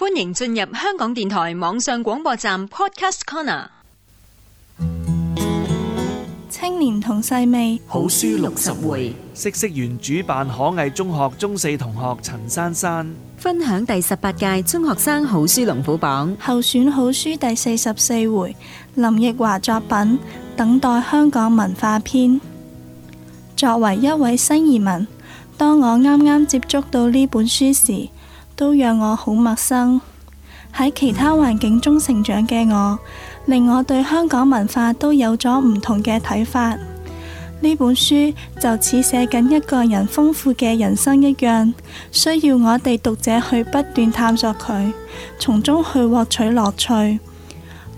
歡迎進入香港電台網上廣播站 Podcast Corner。青年同細味好書六十回，嗇色園主辦可藝中學中四同學陳珊珊分享第十八屆中學生好書龍虎榜候選好書第四十四回林奕華作品《等待香港文化篇》。作為一位新移民，當我啱啱接觸到呢本書時，都讓我好陌生。喺其他環境中成長嘅我，令我對香港文化都有咗唔同嘅睇法。呢本書就似寫緊一個人豐富嘅人生一樣，需要我哋讀者去不斷探索佢，從中去獲取樂趣。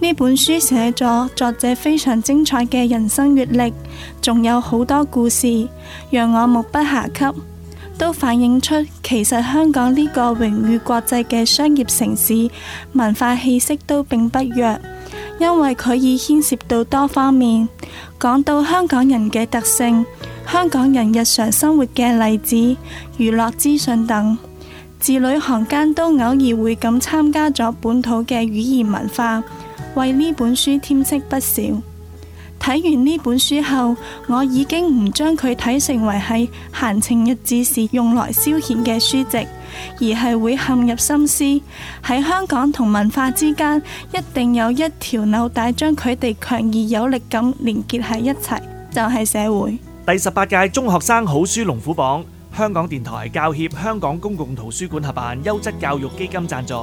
呢本書寫咗作者非常精彩嘅人生閱歷，仲有好多故事，讓我目不暇給。都反映出，其實香港呢個榮譽國際嘅商業城市，文化氣息都並不弱，因為佢已牽涉到多方面。講到香港人嘅特性、香港人日常生活嘅例子、娛樂資訊等，字裏行間都偶爾會咁參加咗本土嘅語言文化，為呢本書添色不少。睇完呢本書後，我已經唔將佢睇成為係閒情逸致時用來消遣嘅書籍，而係會陷入深思。喺香港同文化之間，一定有一條紐帶將佢哋強而有力咁連結喺一齊，就係社會。第十八屆中學生好書龍虎榜，香港電台、教協、香港公共圖書館合辦，優質教育基金贊助。